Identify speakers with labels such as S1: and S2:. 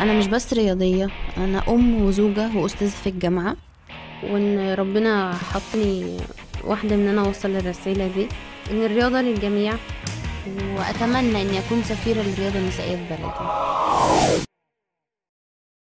S1: أنا مش بس رياضية أنا أم وزوجة وأستاذة في الجامعة وإن ربنا حطني واحدة إن أنا أوصل الرسالة دي إن الرياضة للجميع وأتمنى إني أكون سفيرة للرياضة النسائية في بلدي